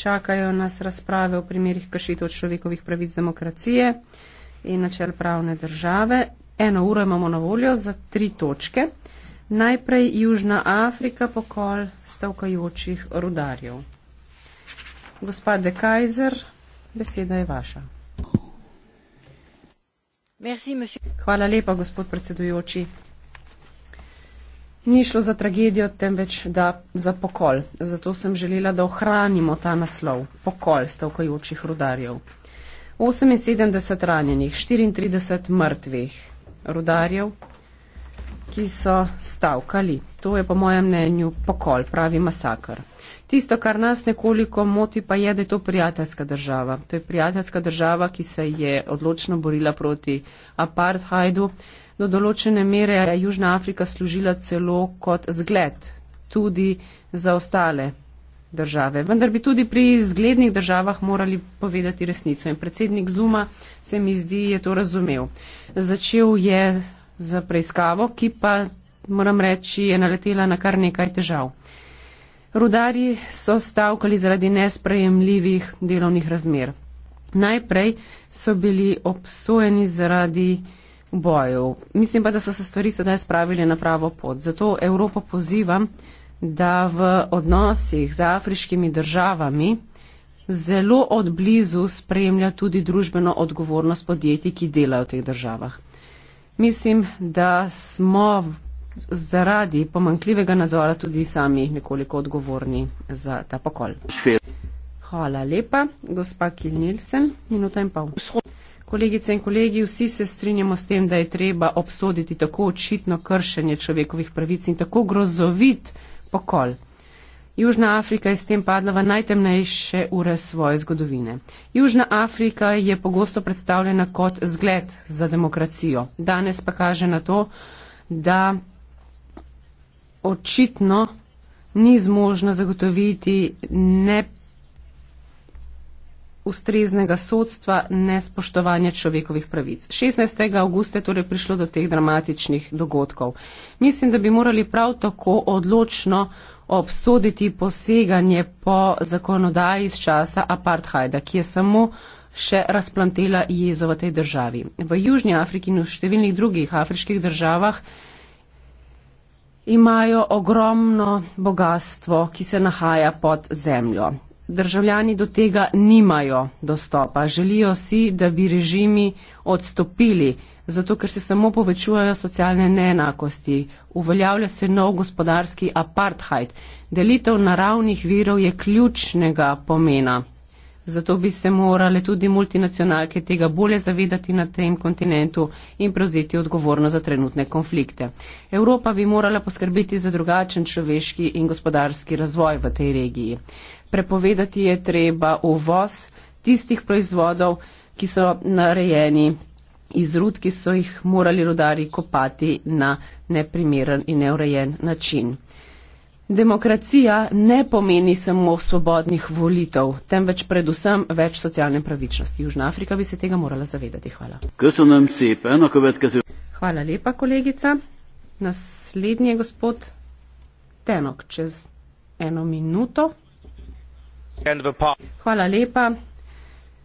čakajo nas razprave o primerih kršitev človekovih pravic demokracije in načel pravne države. Eno uro imamo na voljo za tri točke. Najprej Južna Afrika, pokol stavkajočih rudarjev. Gospa De Kajzer, beseda je vaša. Hvala lepa, gospod predsedujoči ni šlo za tragedijo, temveč da za pokol. Zato sem želela, da ohranimo ta naslov, pokol stavkajočih rudarjev. 78 ranjenih, 34 mrtvih rudarjev, ki so stavkali. To je po mojem mnenju pokol, pravi masakr. Tisto, kar nas nekoliko moti, pa je, da je to prijateljska država. To je prijateljska država, ki se je odločno borila proti apartheidu do določene mere je Južna Afrika služila celo kot zgled tudi za ostale države. Vendar bi tudi pri zglednih državah morali povedati resnico. In predsednik Zuma se mi zdi je to razumel. Začel je z preiskavo, ki pa, moram reči, je naletela na kar nekaj težav. Rudari so stavkali zaradi nesprejemljivih delovnih razmer. Najprej so bili obsojeni zaradi bojev. Mislim pa, da so se stvari sedaj spravili na pravo pot. Zato Evropo pozivam, da v odnosih z afriškimi državami zelo odblizu spremlja tudi družbeno odgovornost podjetij, ki delajo v teh državah. Mislim, da smo zaradi pomankljivega nadzora tudi sami nekoliko odgovorni za ta pokol. Hvala lepa, gospa Kilnilsen, minuta in pol. Kolegice in kolegi, vsi se strinjamo s tem, da je treba obsoditi tako očitno kršenje človekovih pravic in tako grozovit pokol. Južna Afrika je s tem padla v najtemnejše ure svoje zgodovine. Južna Afrika je pogosto predstavljena kot zgled za demokracijo. Danes pa kaže na to, da očitno ni zmožna zagotoviti neprekinjenosti ustreznega sodstva, nespoštovanja človekovih pravic. 16. augusta je torej prišlo do teh dramatičnih dogodkov. Mislim, da bi morali prav tako odločno obsoditi poseganje po zakonodaji iz časa apartheida, ki je samo še razplantela jezo v tej državi. V Južnji Afriki in v številnih drugih afriških državah imajo ogromno bogatstvo, ki se nahaja pod zemljo državljani do tega nimajo dostopa. Želijo si, da bi režimi odstopili, zato ker se samo povečujejo socialne neenakosti. Uveljavlja se nov gospodarski apartheid. Delitev naravnih virov je ključnega pomena. Zato bi se morale tudi multinacionalke tega bolje zavedati na tem kontinentu in prevzeti odgovorno za trenutne konflikte. Evropa bi morala poskrbeti za drugačen človeški in gospodarski razvoj v tej regiji. Prepovedati je treba uvoz tistih proizvodov, ki so narejeni iz rud, ki so jih morali rodari kopati na neprimeren in neurejen način. Demokracija ne pomeni samo svobodnih volitev, temveč predvsem več socialne pravičnosti. Južna Afrika bi se tega morala zavedati. Hvala. Hvala lepa, kolegica. Naslednji je gospod Tenok, čez eno minuto. Hvala lepa.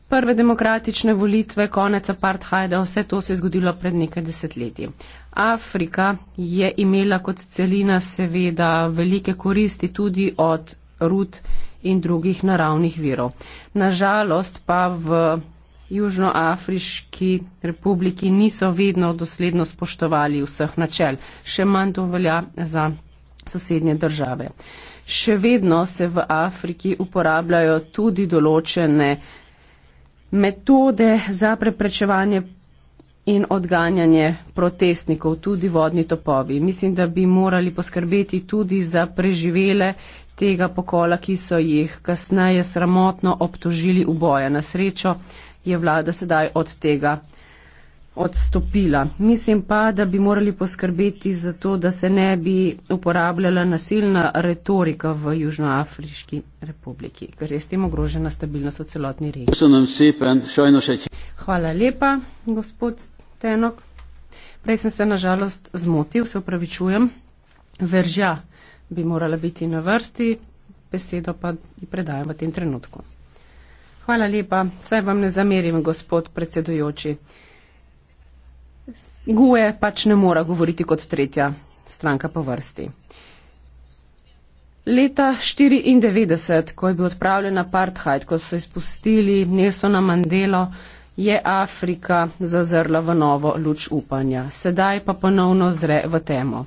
Prve demokratične volitve, konec apartheida, vse to se je zgodilo pred nekaj desetletji. Afrika je imela kot celina seveda velike koristi tudi od rud in drugih naravnih virov. Nažalost pa v Južnoafriški republiki niso vedno dosledno spoštovali vseh načel, še manj to velja za sosednje države. Še vedno se v Afriki uporabljajo tudi določene metode za preprečevanje in odganjanje protestnikov, tudi vodni topovi. Mislim, da bi morali poskrbeti tudi za preživele tega pokola, ki so jih kasneje sramotno obtožili v boja. Na srečo je vlada sedaj od tega odstopila. Mislim pa, da bi morali poskrbeti za to, da se ne bi uporabljala nasilna retorika v Južnoafriški republiki, ker je s tem ogrožena stabilnost v celotni regiji. Hvala lepa, gospod tenok. Prej sem se nažalost zmotil, se upravičujem. Veržja bi morala biti na vrsti, besedo pa ji predajam v tem trenutku. Hvala lepa, saj vam ne zamerim, gospod predsedujoči. Guje pač ne mora govoriti kot tretja stranka po vrsti. Leta 1994, ko je bil odpravljen apartheid, ko so izpustili Nelsona Mandelo, je Afrika zazrla v novo luč upanja, sedaj pa ponovno zre v temo.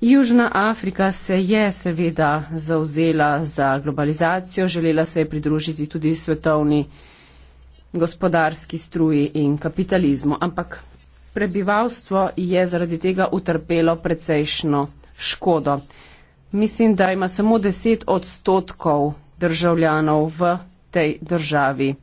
Južna Afrika se je seveda zauzela za globalizacijo, želela se je pridružiti tudi svetovni gospodarski struji in kapitalizmu, ampak prebivalstvo je zaradi tega utrpelo precejšno škodo. Mislim, da ima samo 10 odstotkov državljanov v tej državi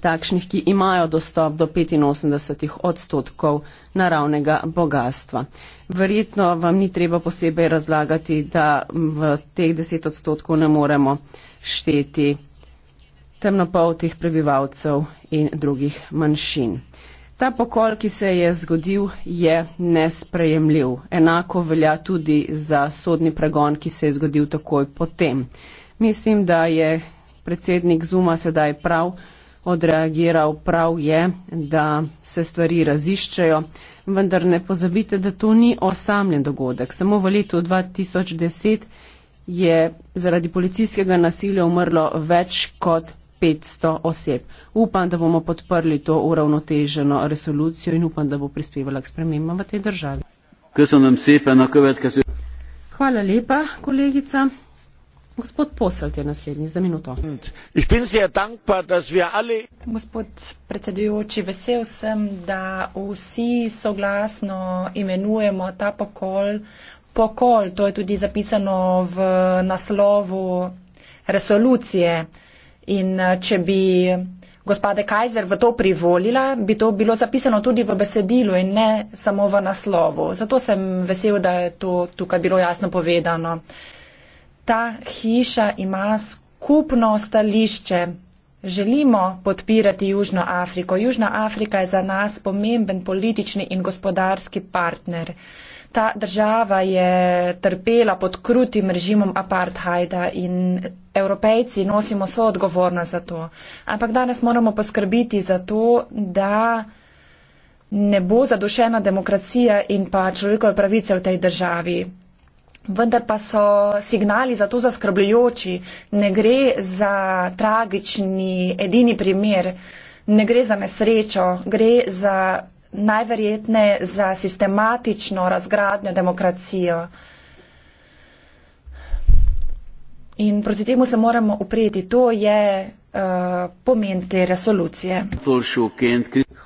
takšnih, ki imajo dostop do 85 odstotkov naravnega bogatstva. Verjetno vam ni treba posebej razlagati, da v teh 10 odstotkov ne moremo šteti temnopoltih prebivalcev in drugih manjšin. Ta pokol, ki se je zgodil, je nesprejemljiv. Enako velja tudi za sodni pregon, ki se je zgodil takoj potem. Mislim, da je predsednik Zuma sedaj prav odreagiral. Prav je, da se stvari raziščejo, vendar ne pozabite, da to ni osamljen dogodek. Samo v letu 2010 je zaradi policijskega nasilja umrlo več kot 500 oseb. Upam, da bomo podprli to uravnoteženo resolucijo in upam, da bo prispevala k spremembam v tej državi. Hvala lepa, kolegica. Gospod Poselt je naslednji za minuto. Gospod predsedujoči, vesel sem, da vsi soglasno imenujemo ta pokol pokol. To je tudi zapisano v naslovu resolucije. In eh, če bi gospode Kajzer v to privolila, bi to bilo zapisano tudi v besedilu in ne samo v naslovu. Zato sem vesel, da je to tukaj bilo jasno povedano ta hiša ima skupno stališče. Želimo podpirati Južno Afriko. Južna Afrika je za nas pomemben politični in gospodarski partner. Ta država je trpela pod krutim režimom apartheida in evropejci nosimo so odgovornost za to. Ampak danes moramo poskrbiti za to, da ne bo zadušena demokracija in pa človekove pravice v tej državi. Vendar pa so signali za to zaskrbljujoči. Ne gre za tragični edini primer, ne gre za nesrečo, gre za najverjetne za sistematično razgradnjo demokracijo. In proti temu se moramo upreti. To je uh, pomen te resolucije.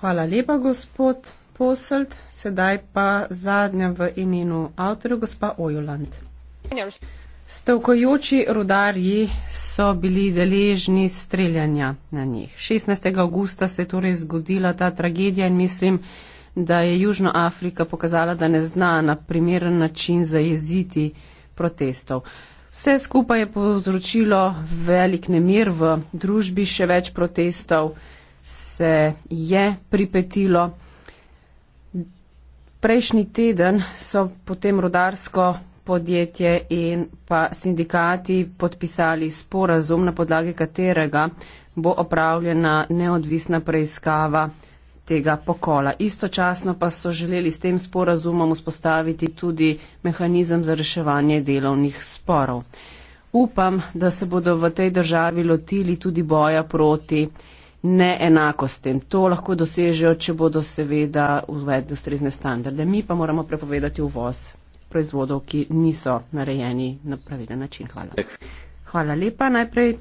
Hvala lepa, gospod posled, sedaj pa zadnja v imenu avtorju, gospa Ojuland. Stavkojoči rudarji so bili deležni streljanja na njih. 16. augusta se je torej zgodila ta tragedija in mislim, da je Južna Afrika pokazala, da ne zna na primeren način zajeziti protestov. Vse skupaj je povzročilo velik nemir v družbi, še več protestov se je pripetilo. Prejšnji teden so potem rodarsko podjetje in pa sindikati podpisali sporazum, na podlagi katerega bo opravljena neodvisna preiskava tega pokola. Istočasno pa so želeli s tem sporazumom vzpostaviti tudi mehanizem za reševanje delovnih sporov. Upam, da se bodo v tej državi lotili tudi boja proti neenakostem. To lahko dosežejo, če bodo seveda uvedli ustrezne standarde. Mi pa moramo prepovedati uvoz proizvodov, ki niso narejeni na pravilen način. Hvala. Hvala lepa. Najprej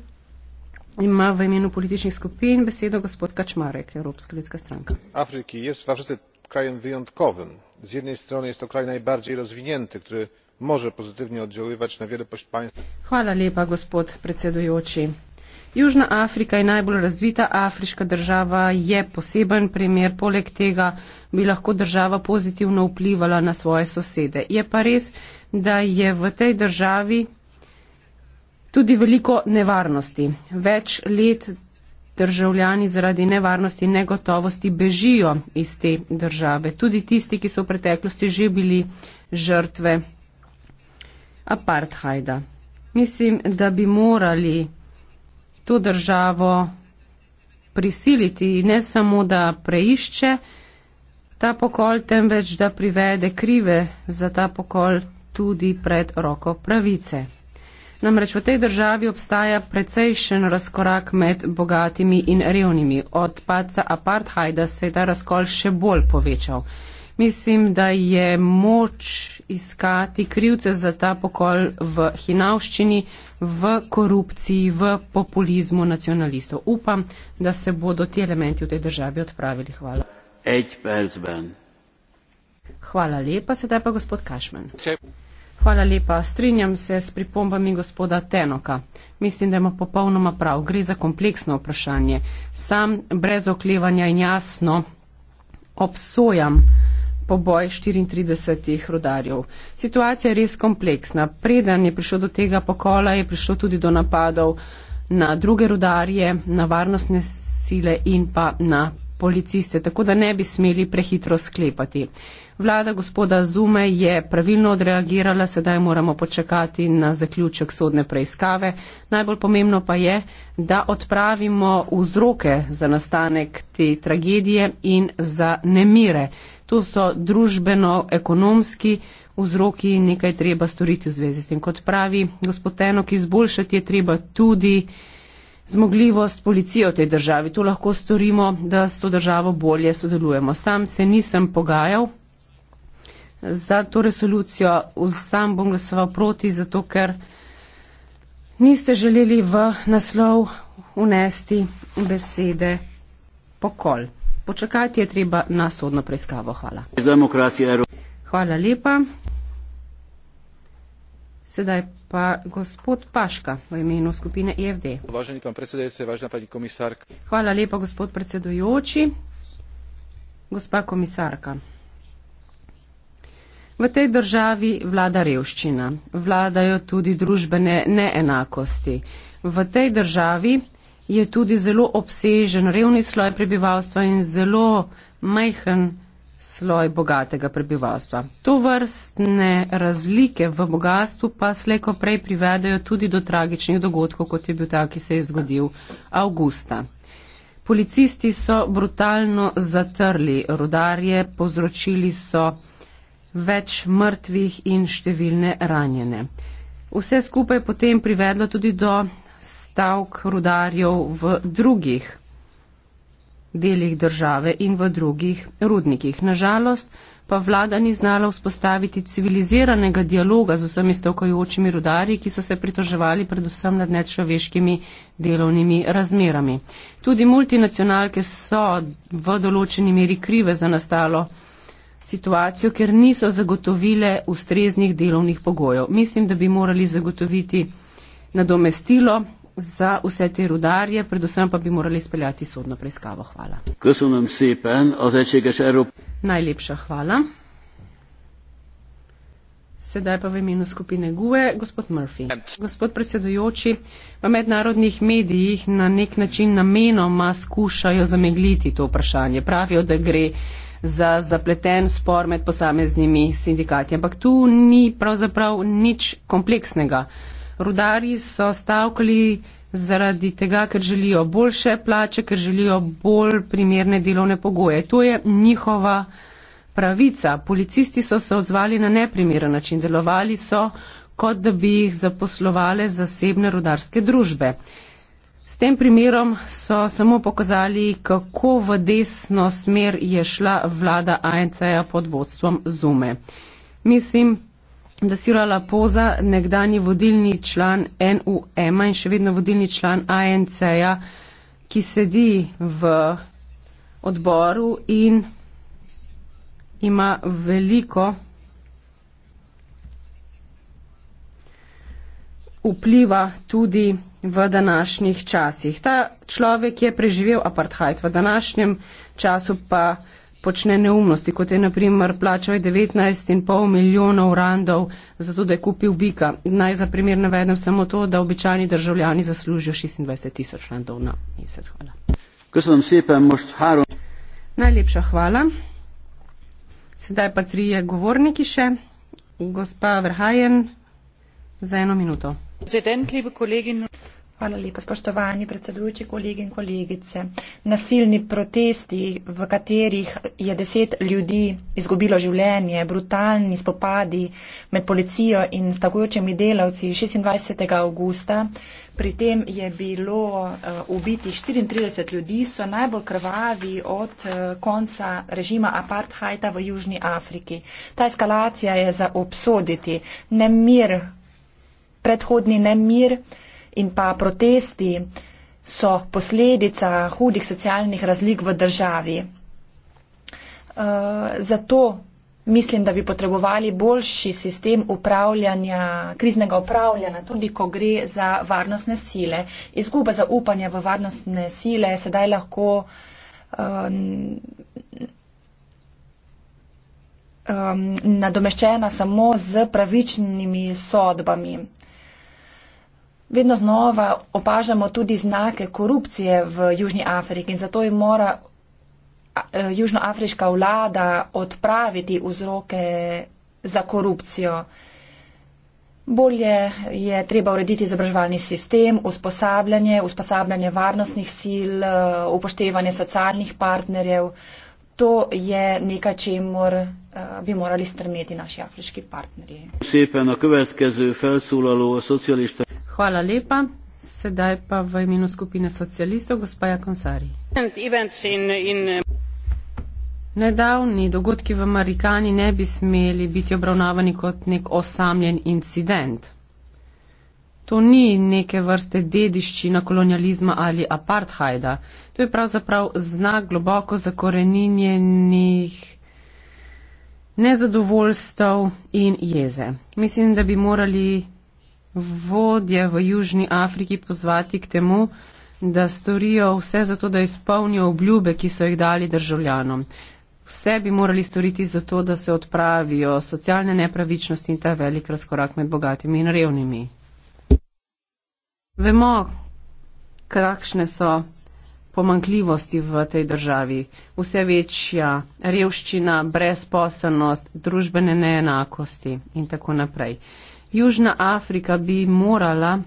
ima v imenu političnih skupin besedo gospod Kačmarek, Evropska ljudska stranka. Afriki je v Afriki krajem vijontkovem. Z jedne strani je to kraj najbardziej razvinjente, ki može pozitivno oddelovati na vele pošpanje. Hvala lepa, gospod predsedujoči. Južna Afrika je najbolj razvita afriška država, je poseben primer, poleg tega bi lahko država pozitivno vplivala na svoje sosede. Je pa res, da je v tej državi tudi veliko nevarnosti. Več let državljani zaradi nevarnosti in negotovosti bežijo iz te države, tudi tisti, ki so v preteklosti že bili žrtve apartheida. Mislim, da bi morali to državo prisiliti ne samo, da preišče ta pokol, temveč, da privede krive za ta pokol tudi pred roko pravice. Namreč v tej državi obstaja precejšen razkorak med bogatimi in revnimi. Od paca apartheida se je ta razkol še bolj povečal. Mislim, da je moč iskati krivce za ta pokol v hinavščini, v korupciji, v populizmu nacionalistov. Upam, da se bodo ti elementi v tej državi odpravili. Hvala. Hvala lepa, sedaj pa gospod Kašman. Hvala lepa, strinjam se s pripombami gospoda Tenoka. Mislim, da ima popolnoma prav. Gre za kompleksno vprašanje. Sam brez oklevanja in jasno obsojam poboj 34 rodarjev. Situacija je res kompleksna. Preden je prišlo do tega pokola, je prišlo tudi do napadov na druge rodarje, na varnostne sile in pa na policiste, tako da ne bi smeli prehitro sklepati. Vlada gospoda Zume je pravilno odreagirala, sedaj moramo počakati na zaključek sodne preiskave. Najbolj pomembno pa je, da odpravimo vzroke za nastanek te tragedije in za nemire. To so družbeno-ekonomski vzroki in nekaj treba storiti v zvezi s tem. Kot pravi gospod Tenok, izboljšati je treba tudi zmogljivost policije v tej državi. To lahko storimo, da s to državo bolje sodelujemo. Sam se nisem pogajal za to resolucijo, sam bom glasoval proti, zato ker niste želeli v naslov unesti besede pokol počakati je treba na sodno preiskavo. Hvala. Hvala lepa. Sedaj pa gospod Paška v imenu skupine EFD. Hvala lepa, gospod predsedujoči. Gospa komisarka. V tej državi vlada revščina, vladajo tudi družbene neenakosti. V tej državi je tudi zelo obsežen revni sloj prebivalstva in zelo majhen sloj bogatega prebivalstva. To vrstne razlike v bogatstvu pa sleko prej privedajo tudi do tragičnih dogodkov, kot je bil ta, ki se je zgodil avgusta. Policisti so brutalno zatrli rodarje, povzročili so več mrtvih in številne ranjene. Vse skupaj je potem privedlo tudi do stavk rudarjev v drugih delih države in v drugih rudnikih. Nažalost pa vlada ni znala vzpostaviti civiliziranega dialoga z vsemi stavkajočimi rudarji, ki so se pritoževali predvsem nad nečloveškimi delovnimi razmerami. Tudi multinacionalke so v določeni meri krive za nastalo situacijo, ker niso zagotovile ustreznih delovnih pogojev. Mislim, da bi morali zagotoviti nadomestilo za vse te rudarje, predvsem pa bi morali speljati sodno preiskavo. Hvala. Najlepša hvala. Sedaj pa v imenu skupine GUE, gospod Murphy. Gospod predsedujoči, v mednarodnih medijih na nek način namenoma skušajo zamegliti to vprašanje. Pravijo, da gre za zapleten spor med posameznimi sindikati, ampak tu ni pravzaprav nič kompleksnega. Rudari so stavkali zaradi tega, ker želijo boljše plače, ker želijo bolj primerne delovne pogoje. To je njihova pravica. Policisti so se odzvali na neprimeren način. Delovali so, kot da bi jih zaposlovale zasebne rudarske družbe. S tem primerom so samo pokazali, kako v desno smer je šla vlada ANC-ja pod vodstvom ZUME. Mislim, da Sira Lapoza, nekdani vodilni član NUM in še vedno vodilni član ANC-ja, ki sedi v odboru in ima veliko vpliva tudi v današnjih časih. Ta človek je preživel apartheid, v današnjem času pa počne neumnosti, kot je naprimer plačal 19,5 milijonov randov za to, da je kupil bika. Naj za primer navedem samo to, da običajni državljani zaslužijo 26 tisoč randov na mesec. Hvala. Najlepša hvala. Sedaj pa trije govorniki še. Gospa Verhajen za eno minuto. Zeden, Hvala lepa, spoštovani predsedujoči, kolegi in kolegice. Nasilni protesti, v katerih je deset ljudi izgubilo življenje, brutalni spopadi med policijo in stavkujočimi delavci 26. augusta, pri tem je bilo eh, ubiti 34 ljudi, so najbolj krvavi od eh, konca režima apartheida v Južni Afriki. Ta eskalacija je za obsoditi. Nemir, predhodni nemir, in pa protesti so posledica hudih socialnih razlik v državi. Uh, zato mislim, da bi potrebovali boljši sistem upravljanja, kriznega upravljanja, tudi ko gre za varnostne sile. Izguba zaupanja v varnostne sile sedaj lahko. Um, um, nadomeščena samo z pravičnimi sodbami. Vedno znova opažamo tudi znake korupcije v Južni Afriki in zato jo mora e, Južnoafriška vlada odpraviti vzroke za korupcijo. Bolje je treba urediti izobraževalni sistem, usposabljanje, usposabljanje varnostnih sil, e, upoštevanje socialnih partnerjev. To je nekaj, če mor, e, bi morali strmeti naši afriški partnerji. Sepe, na kvetke z felsulalo socialiste. Hvala lepa. Sedaj pa v imenu skupine socialistov gospa Jakonsari. Nedavni dogodki v Marikani ne bi smeli biti obravnavani kot nek osamljen incident. To ni neke vrste dediščina kolonializma ali apartheida. To je pravzaprav znak globoko zakoreninjenih nezadovoljstv in jeze. Mislim, da bi morali vodje v Južni Afriki pozvati k temu, da storijo vse zato, da izpolnijo obljube, ki so jih dali državljanom. Vse bi morali storiti zato, da se odpravijo socialne nepravičnosti in ta velik razkorak med bogatimi in revnimi. Vemo, kakšne so pomankljivosti v tej državi. Vse večja revščina, brezposobnost, družbene neenakosti in tako naprej. Južna Afrika bi morala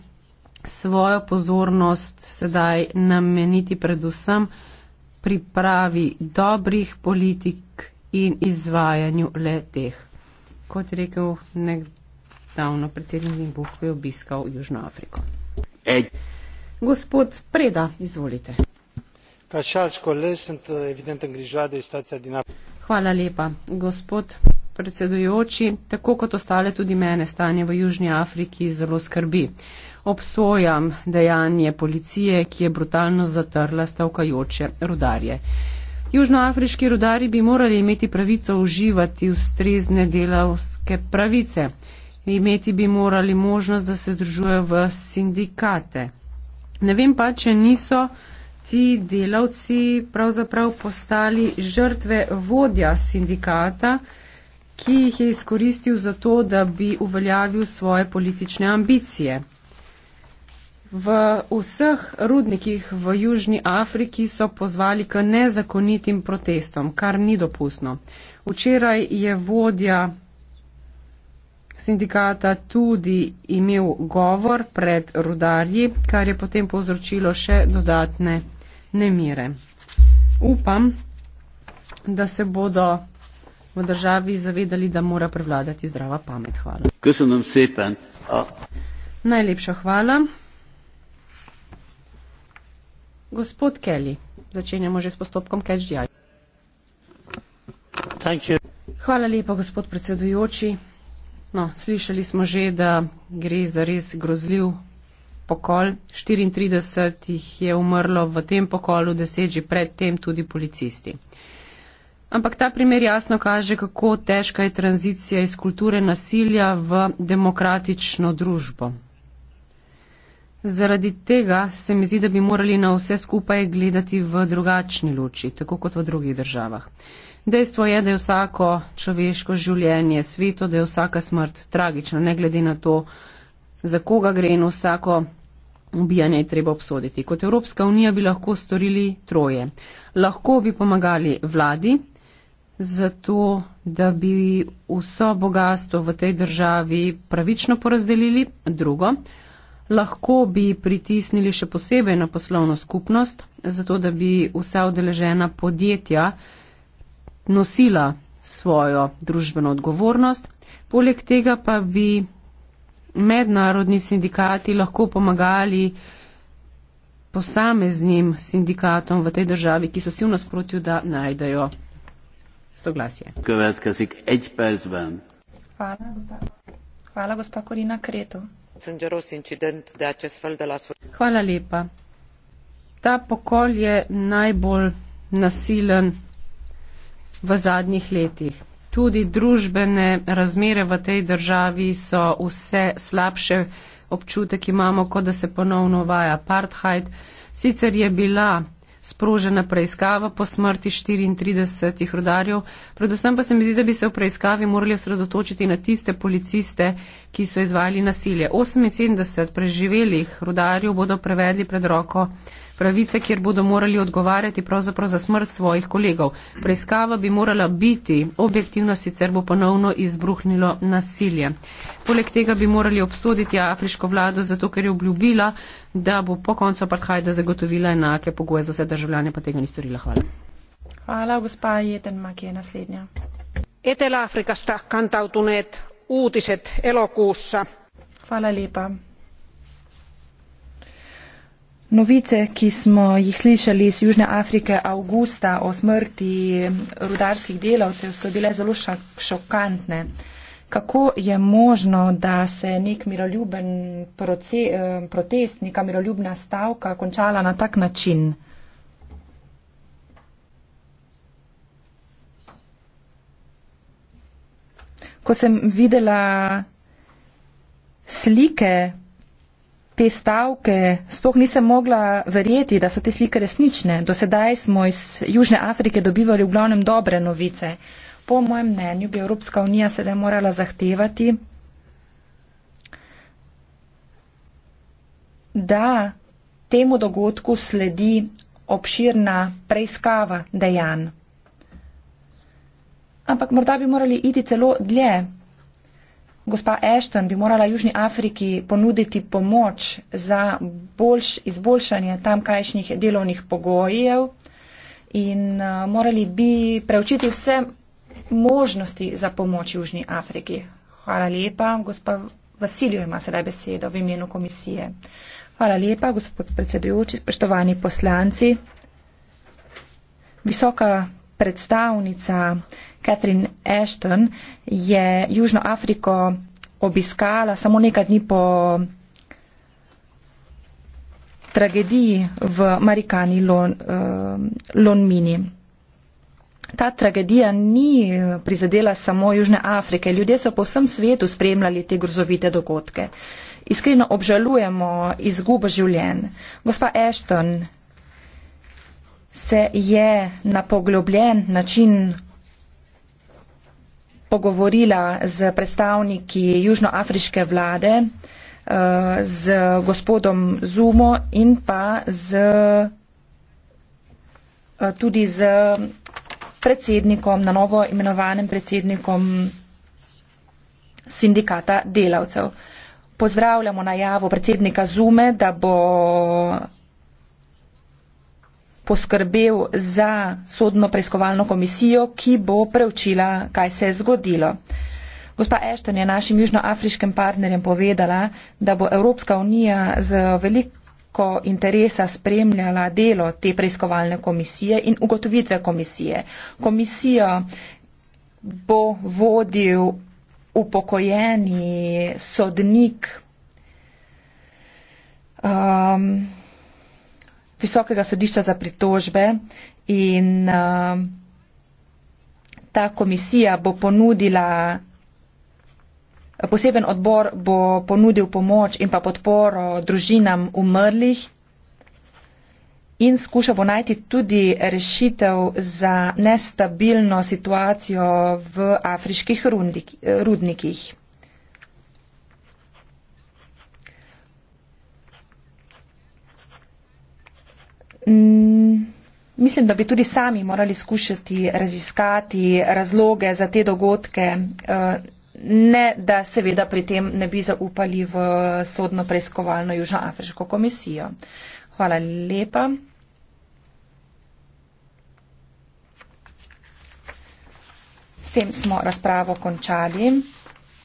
svojo pozornost sedaj nameniti predvsem pripravi dobrih politik in izvajanju le teh. Kot je rekel nekdavno predsednik Zimbuh, ko je obiskal Južno Afriko. Ej. Gospod Preda, izvolite. Kašalčko, le sem evidentno grižal, da je situacija dinamična. Hvala lepa. Gospod predsedujoči, tako kot ostale tudi mene, stanje v Južni Afriki zelo skrbi. Obsojam dejanje policije, ki je brutalno zatrla stavkajoče rudarje. Južnoafriški rudari bi morali imeti pravico uživati ustrezne delavske pravice. Imeti bi morali možnost, da se združujejo v sindikate. Ne vem pa, če niso ti delavci pravzaprav postali žrtve vodja sindikata ki jih je izkoristil za to, da bi uveljavil svoje politične ambicije. V vseh rudnikih v Južni Afriki so pozvali k nezakonitim protestom, kar ni dopustno. Včeraj je vodja sindikata tudi imel govor pred rudarji, kar je potem povzročilo še dodatne nemire. Upam, da se bodo v državi zavedali, da mora prevladati zdrava pamet. Hvala. Najlepša hvala. Gospod Kelly, začenjamo že s postopkom Catch the Eye. Hvala lepa, gospod predsedujoči. No, slišali smo že, da gre za res grozljiv pokol. 34 jih je umrlo v tem pokolu, 10 že predtem tudi policisti. Uh, Ampak ta primer jasno kaže, kako težka je tranzicija iz kulture nasilja v demokratično družbo. Zaradi tega se mi zdi, da bi morali na vse skupaj gledati v drugačni luči, tako kot v drugih državah. Dejstvo je, da je vsako človeško življenje sveto, da je vsaka smrt tragična, ne glede na to, za koga gre in vsako ubijanje je treba obsoditi. Kot Evropska unija bi lahko storili troje. Lahko bi pomagali vladi, za to, da bi vso bogatstvo v tej državi pravično porazdelili, drugo, lahko bi pritisnili še posebej na poslovno skupnost, zato da bi vsa odeležena podjetja nosila svojo družbeno odgovornost, poleg tega pa bi mednarodni sindikati lahko pomagali posameznim sindikatom v tej državi, ki so si v nasprotju, da najdejo soglasje. Hvala, gospa Korina Kretu. Hvala lepa. Ta pokol je najbolj nasilen v zadnjih letih. Tudi družbene razmere v tej državi so vse slabše. Občutek imamo, kot da se ponovno uvaja apartheid. Sicer je bila sprožena preiskava po smrti 34 rodarjev. Predvsem pa se mi zdi, da bi se v preiskavi morali osredotočiti na tiste policiste, ki so izvajali nasilje. 78 preživelih rodarjev bodo prevedli pred roko pravice, kjer bodo morali odgovarjati pravzaprav za smrt svojih kolegov. Preiskava bi morala biti objektivna, sicer bo ponovno izbruhnilo nasilje. Poleg tega bi morali obsoditi afriško vlado, zato ker je obljubila, da bo po koncu apartheida zagotovila enake pogoje za vse državljane, pa tega ni storila. Hvala. Hvala, gospa Jetenma, ki je naslednja. Etela Afrika sta kantautuned uutiset elokuussa. Hvala lepa. Novice, ki smo jih slišali iz Južne Afrike avgusta o smrti rudarskih delavcev, so bile zelo šokantne. Kako je možno, da se nek miroljuben eh, protest, neka miroljubna stavka končala na tak način? Ko sem videla slike te stavke, sploh nisem mogla verjeti, da so te slike resnične. Do sedaj smo iz Južne Afrike dobivali v glavnem dobre novice. Po mojem mnenju bi Evropska unija sedaj morala zahtevati, da temu dogodku sledi obširna preiskava dejanj. Ampak morda bi morali iti celo dlje, Gospa Ashton bi morala Južni Afriki ponuditi pomoč za boljš, izboljšanje tamkajšnjih delovnih pogojev in uh, morali bi preučiti vse možnosti za pomoč Južni Afriki. Hvala lepa, gospa Vasilijo ima sedaj besedo v imenu komisije. Hvala lepa, gospod predsedujoči, spoštovani poslanci. Visoka predstavnica Catherine Ashton je Južno Afriko obiskala samo nekaj dni po tragediji v Marikani eh, Lonmini. Lon Ta tragedija ni prizadela samo Južne Afrike. Ljudje so po vsem svetu spremljali te grozovite dogodke. Iskreno obžalujemo izgubo življenj. Gospa Ashton se je na poglobljen način pogovorila z predstavniki južnoafriške vlade, eh, z gospodom Zumo in pa z, eh, tudi z predsednikom, na novo imenovanem predsednikom sindikata delavcev. Pozdravljamo najavo predsednika Zume, da bo poskrbel za sodno preiskovalno komisijo, ki bo preučila, kaj se je zgodilo. Gospa Ashton je našim južnoafriškim partnerjem povedala, da bo Evropska unija z veliko interesa spremljala delo te preiskovalne komisije in ugotovitve komisije. Komisijo bo vodil upokojeni sodnik. Um, Visokega sodišča za pritožbe in uh, ta komisija bo ponudila, poseben odbor bo ponudil pomoč in pa podporo družinam umrlih in skuša bo najti tudi rešitev za nestabilno situacijo v afriških rudnikih. Mm, mislim, da bi tudi sami morali skušati raziskati razloge za te dogodke, eh, ne da seveda pri tem ne bi zaupali v sodno preiskovalno Južnoafriško komisijo. Hvala lepa. S tem smo razpravo končali.